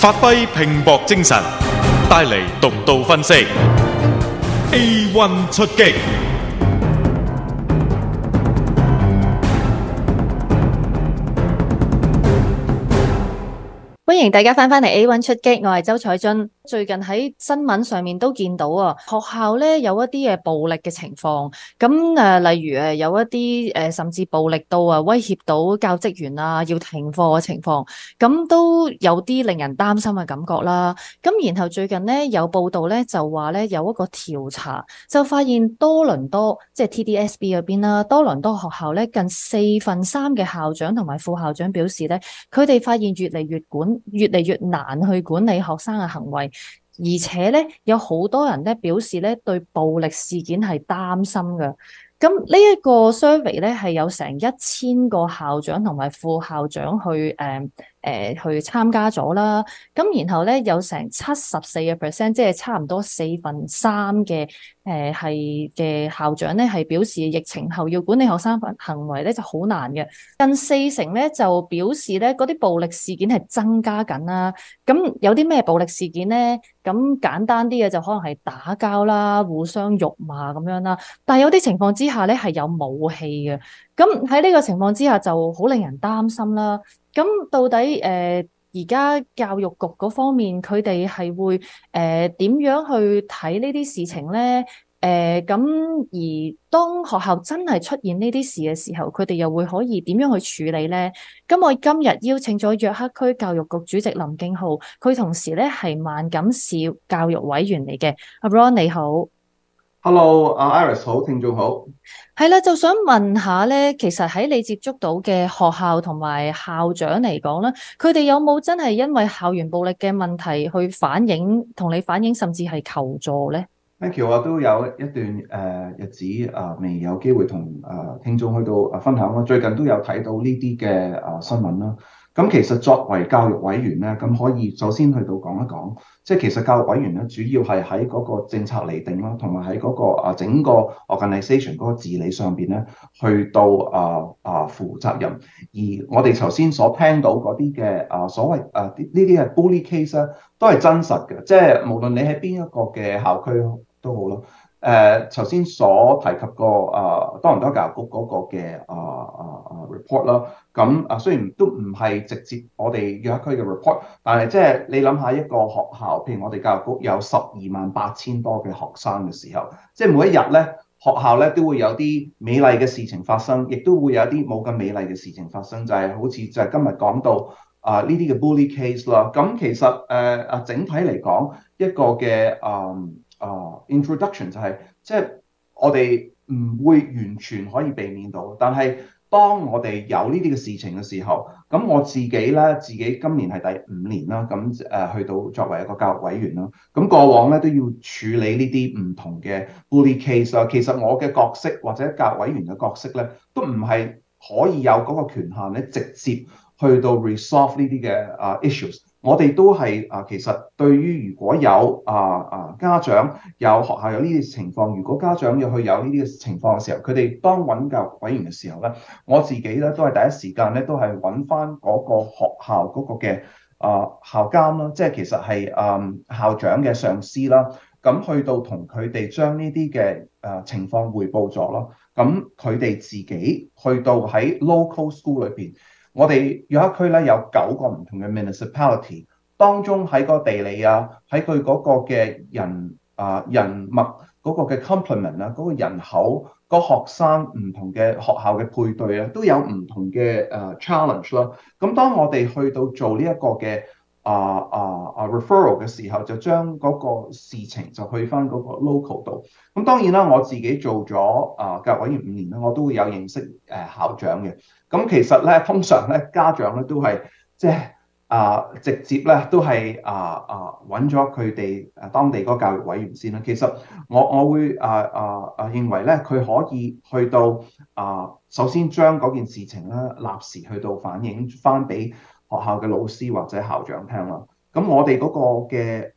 發揮拼搏精神，帶嚟獨到分析。A one 出擊，歡迎大家翻返嚟，A one 出擊，我係周彩俊。最近喺新聞上面都見到啊，學校咧有一啲嘅暴力嘅情況，咁誒例如誒有一啲誒甚至暴力到啊威脅到教職員啊要停課嘅情況，咁都有啲令人擔心嘅感覺啦。咁然後最近咧有報道咧就話咧有一個調查就發現多倫多即係 TDSB 入邊啦，多倫多學校咧近四分三嘅校長同埋副校長表示咧，佢哋發現越嚟越管越嚟越難去管理學生嘅行為。而且咧，有好多人咧表示咧對暴力事件係擔心嘅。咁呢一個 survey 咧係有成一千個校長同埋副校長去誒誒、呃、去參加咗啦。咁然後咧有成七十四嘅 percent，即係差唔多四分三嘅。誒係嘅校長咧，係表示疫情後要管理學生行為咧就好難嘅。近四成咧就表示咧，嗰啲暴力事件係增加緊啦。咁有啲咩暴力事件咧？咁簡單啲嘅就可能係打交啦，互相辱罵咁樣啦。但係有啲情況之下咧係有武器嘅。咁喺呢個情況之下就好令人擔心啦。咁到底誒？呃而家教育局嗰方面，佢哋係會誒點、呃、樣去睇呢啲事情咧？誒、呃、咁而當學校真係出現呢啲事嘅時候，佢哋又會可以點樣去處理咧？咁我今日邀請咗約克區教育局主席林敬浩，佢同時咧係萬錦市教育委員嚟嘅，阿 Ron 你好。Hello，阿 Iris 好，聽眾好。係啦，就想問下咧，其實喺你接觸到嘅學校同埋校長嚟講咧，佢哋有冇真係因為校園暴力嘅問題去反映，同你反映，甚至係求助咧？Thank you，我都有一段誒日子啊未有機會同誒聽眾去到啊分享啦，最近都有睇到呢啲嘅啊新聞啦。咁其實作為教育委員咧，咁可以首先去到講一講，即係其實教育委員咧，主要係喺嗰個政策釐定咯，同埋喺嗰個啊整個 organisation 嗰個治理上邊咧，去到啊啊負責任。而我哋頭先所聽到嗰啲嘅啊所謂啊呢啲係 bully case 咧，都係真實嘅，即係無論你喺邊一個嘅校區都好咯。誒頭先所提及過啊，多倫多教育局嗰個嘅啊啊啊 report 啦，咁啊雖然都唔係直接我哋約區嘅 report，但係即係你諗下一個學校，譬如我哋教育局有十二萬八千多嘅學生嘅時候，即係每一日咧學校咧都會有啲美麗嘅事情發生，亦都會有啲冇咁美麗嘅事情發生，就係、是、好似就係今日講到啊呢、呃、啲嘅 bully case 啦。咁其實誒啊、呃、整體嚟講一個嘅啊。嗯啊、uh，introduction 就係、是、即係我哋唔會完全可以避免到，但係當我哋有呢啲嘅事情嘅時候，咁我自己啦，自己今年係第五年啦，咁誒、呃、去到作為一個教育委員啦，咁過往咧都要處理呢啲唔同嘅 bully case 啊，其實我嘅角色或者教育委員嘅角色咧，都唔係可以有嗰個權限咧，直接去到 resolve 呢啲嘅啊 issues。我哋都係啊，其實對於如果有啊啊家長有學校有呢啲情況，如果家長要去有呢啲嘅情況嘅時候，佢哋當揾教委員嘅時候咧，我自己咧都係第一時間咧都係揾返嗰個學校嗰個嘅啊校監啦、啊，即係其實係啊校長嘅上司啦，咁、啊、去到同佢哋將呢啲嘅啊情況匯報咗咯，咁佢哋自己去到喺 local school 裏邊。我哋約克區咧有九個唔同嘅 municipality，當中喺個地理啊，喺佢嗰個嘅人啊、呃、人脈嗰、嗰個嘅 compliment 啊，嗰個人口、個學生唔同嘅學校嘅配對咧，都有唔同嘅誒 challenge 啦。咁、嗯、當我哋去到做呢一個嘅。啊啊啊！referral 嘅時候就將嗰個事情就去翻嗰個 local 度。咁當然啦，我自己做咗啊、uh, 教育委員五年啦，我都會有認識誒校、uh, 長嘅。咁其實咧，通常咧家長咧都係即係啊、uh, 直接咧都係啊啊揾咗佢哋誒當地嗰個教育委員先啦。其實我我會啊啊啊認為咧佢可以去到啊、uh, 首先將嗰件事情咧立時去到反映翻俾。返學校嘅老師或者校長聽啦，咁我哋嗰個嘅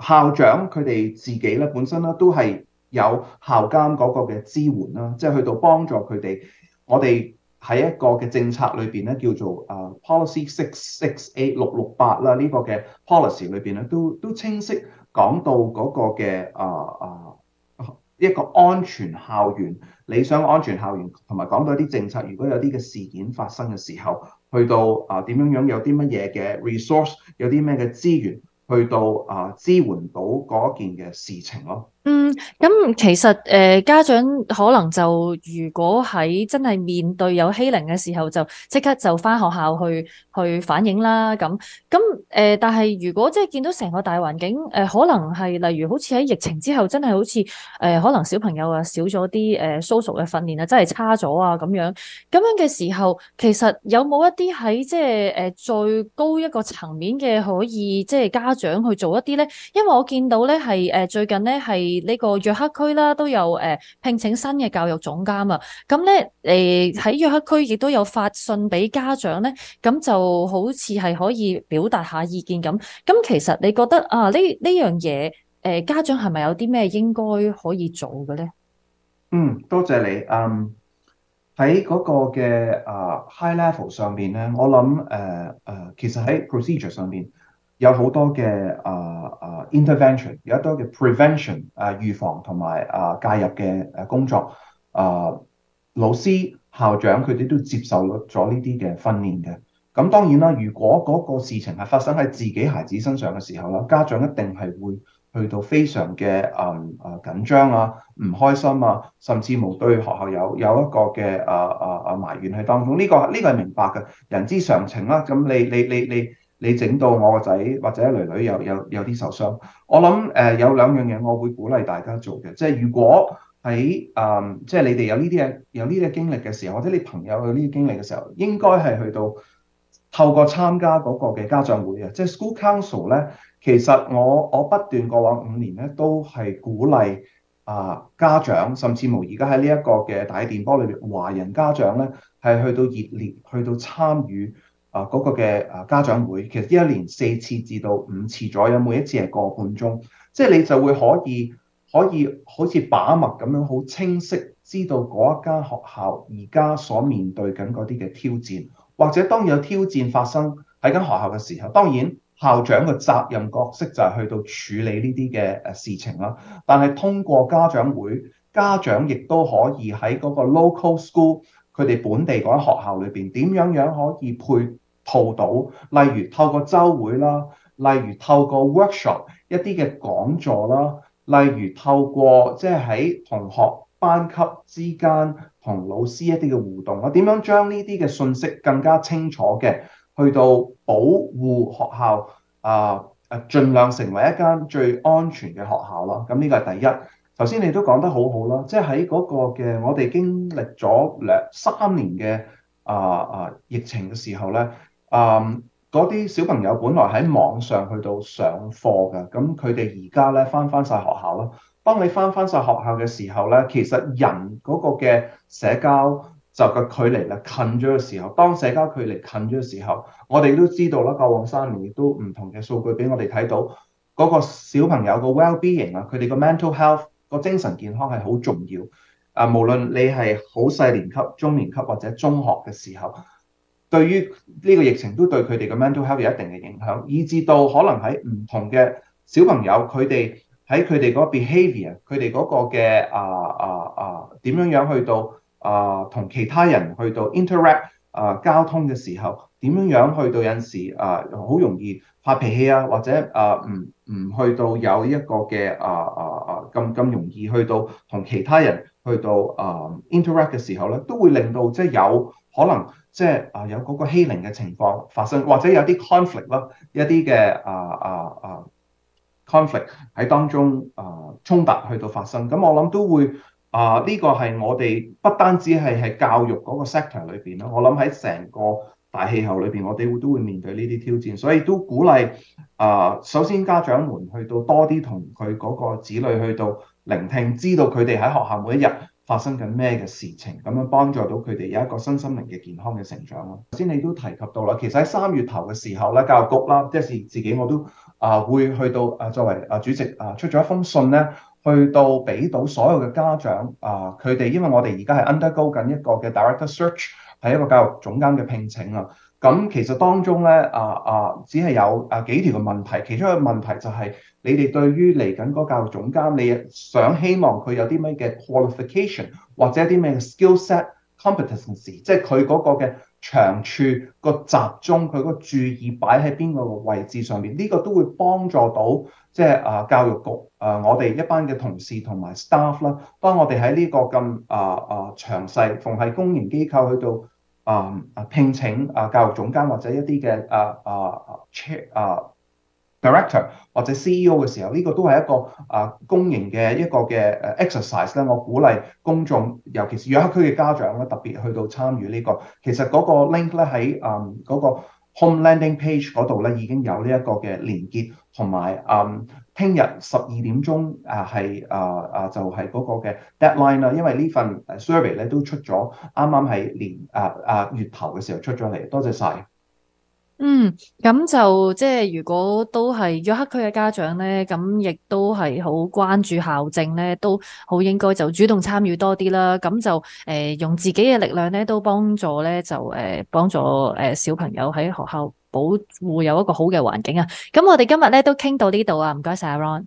校長佢哋自己咧本身咧都係有校監嗰個嘅支援啦，即係去到幫助佢哋。我哋喺一個嘅政策裏邊咧，叫做啊 policy six six eight 六六八啦，呢個嘅 policy 裏邊咧都都清晰講到嗰個嘅啊啊一個安全校園、理想安全校園，同埋講到啲政策，如果有啲嘅事件發生嘅時候。去到啊，點樣樣有啲乜嘢嘅 resource，有啲咩嘅資源去到啊，支援到嗰件嘅事情咯。嗯，咁、嗯、其實誒、呃，家長可能就如果喺真係面對有欺凌嘅時候，就即刻就翻學校去去反映啦。咁咁誒，但係如果即係見到成個大環境誒、呃，可能係例如好似喺疫情之後真，真係好似誒，可能小朋友啊少咗啲誒，social 嘅訓練啊，真係差咗啊咁樣。咁樣嘅時候，其實有冇一啲喺即係誒最高一個層面嘅可以即係家長去做一啲咧？因為我見到咧係誒最近咧係。而呢個約克區啦、啊，都有誒、呃、聘請新嘅教育總監啊。咁咧誒喺約克區亦都有發信俾家長咧。咁就好似係可以表達下意見咁。咁其實你覺得啊呢呢樣嘢誒家長係咪有啲咩應該可以做嘅咧？嗯，多謝你。嗯、um，喺嗰個嘅啊 high level 上邊咧，我諗誒誒其實喺 procedure 上邊。有好多嘅啊啊 intervention，有好多嘅 prevention 啊、uh, 預防同埋啊介入嘅誒工作啊、uh, 老師校長佢哋都接受咗呢啲嘅訓練嘅。咁當然啦，如果嗰個事情係發生喺自己孩子身上嘅時候啦，家長一定係會去到非常嘅啊啊緊張啊，唔開心啊，甚至冇對學校有有一個嘅啊啊啊埋怨喺當中。呢、這個呢、這個係明白嘅人之常情啦、啊。咁你你你你。你你你你整到我個仔或者女女有有有啲受傷，我諗誒、呃、有兩樣嘢，我會鼓勵大家做嘅，即係如果喺誒、呃、即係你哋有呢啲嘅有呢啲經歷嘅時候，或者你朋友有呢啲經歷嘅時候，應該係去到透過參加嗰個嘅家長會啊，即係 school council 咧。其實我我不斷過往五年咧，都係鼓勵啊、呃、家長，甚至乎而家喺呢一個嘅大電波裏面，華人家長咧係去到熱烈去到參與。啊嗰、那個嘅啊家長會，其實一年四次至到五次左右，每一次係個半鐘，即係你就會可以可以好似把脈咁樣好清晰知道嗰一家學校而家所面對緊嗰啲嘅挑戰，或者當有挑戰發生喺間學校嘅時候，當然校長嘅責任角色就係去到處理呢啲嘅誒事情啦。但係通過家長會，家長亦都可以喺嗰個 local school，佢哋本地嗰間學校裏邊點樣樣可以配鋪到，例如透過周會啦，例如透過 workshop 一啲嘅講座啦，例如透過即係喺同學班級之間同老師一啲嘅互動，我點樣將呢啲嘅信息更加清楚嘅去到保護學校啊啊，盡量成為一間最安全嘅學校咯。咁呢個係第一。頭先你都講得好好啦，即係喺嗰個嘅我哋經歷咗兩三年嘅啊啊疫情嘅時候咧。啊，嗰啲、um, 小朋友本來喺網上去到上課嘅，咁佢哋而家咧返返晒學校咯。當你返返晒學校嘅時候咧，其實人嗰個嘅社交就嘅距離啦，近咗嘅時候。當社交距離近咗嘅時候，我哋都知道啦，過往三年亦都唔同嘅數據俾我哋睇到，嗰、嗰個小朋友個 well-being 啊，佢哋個 mental health 個精神健康係好重要。啊，無論你係好細年級、中年級或者中學嘅時候。對於呢個疫情都對佢哋嘅 mental health 有一定嘅影響，以至到可能喺唔同嘅小朋友，佢哋喺佢哋嗰個 behavior，佢哋嗰個嘅啊啊啊點樣樣去到啊同其他人去到 interact 啊交通嘅時候，點樣樣去到有陣時啊好容易發脾氣啊，或者啊唔唔去到有一個嘅啊啊啊咁咁容易去到同其他人去到啊 interact 嘅時候咧，都會令到即係有可能。即係啊，有嗰個欺凌嘅情況發生，或者有啲 conflict 咯，一啲嘅啊啊啊 conflict 喺當中啊、uh, 衝突去到發生，咁我諗都會啊呢、uh, 個係我哋不單止係係教育嗰個 sector 裏邊啦，我諗喺成個大氣候裏邊，我哋會都會面對呢啲挑戰，所以都鼓勵啊、uh, 首先家長們去到多啲同佢嗰個子女去到聆聽，知道佢哋喺學校每一日，發生緊咩嘅事情，咁樣幫助到佢哋有一個身心靈嘅健康嘅成長咯。頭先你都提及到啦，其實喺三月頭嘅時候咧，教育局啦，即係自己我都啊會去到啊作為啊主席啊出咗一封信咧，去到俾到所有嘅家長啊，佢哋因為我哋而家係 undergo 緊一個嘅 director search，係一個教育總監嘅聘請啊。咁其實當中咧啊啊，只係有啊幾條嘅問題，其中一個問題就係、是。你哋對於嚟緊嗰教育總監，你想希望佢有啲咩嘅 qualification，或者啲咩 skillset、competency，即係佢嗰個嘅長處個集中，佢個注意擺喺邊個位置上面，呢個都會幫助到即係啊教育局啊，我哋一班嘅同事同埋 staff 啦，當我哋喺呢個咁啊啊詳細，逢係公營機構去到啊啊聘請啊教育總監或者一啲嘅啊啊 check 啊。啊啊 director 或者 CEO 嘅時候，呢、這個都係一個啊、呃、公營嘅一個嘅誒 exercise 咧。我鼓勵公眾，尤其是約克區嘅家長咧，特別去到參與呢個。其實嗰個 link 咧喺嗯嗰、那個 home landing page 嗰度咧已經有呢一個嘅連結，同埋、嗯、啊聽日十二點鐘啊係啊啊就係、是、嗰個嘅 deadline 啦。因為份呢份 survey 咧都出咗，啱啱係年啊啊月頭嘅時候出咗嚟。多謝晒。嗯，咁就即係如果都係約克區嘅家長咧，咁亦都係好關注校政咧，都好應該就主動參與多啲啦。咁就誒、呃、用自己嘅力量咧，都幫助咧就誒幫、呃、助誒、呃、小朋友喺學校保護有一個好嘅環境啊。咁我哋今日咧都傾到呢度啊，唔該晒阿 Ron。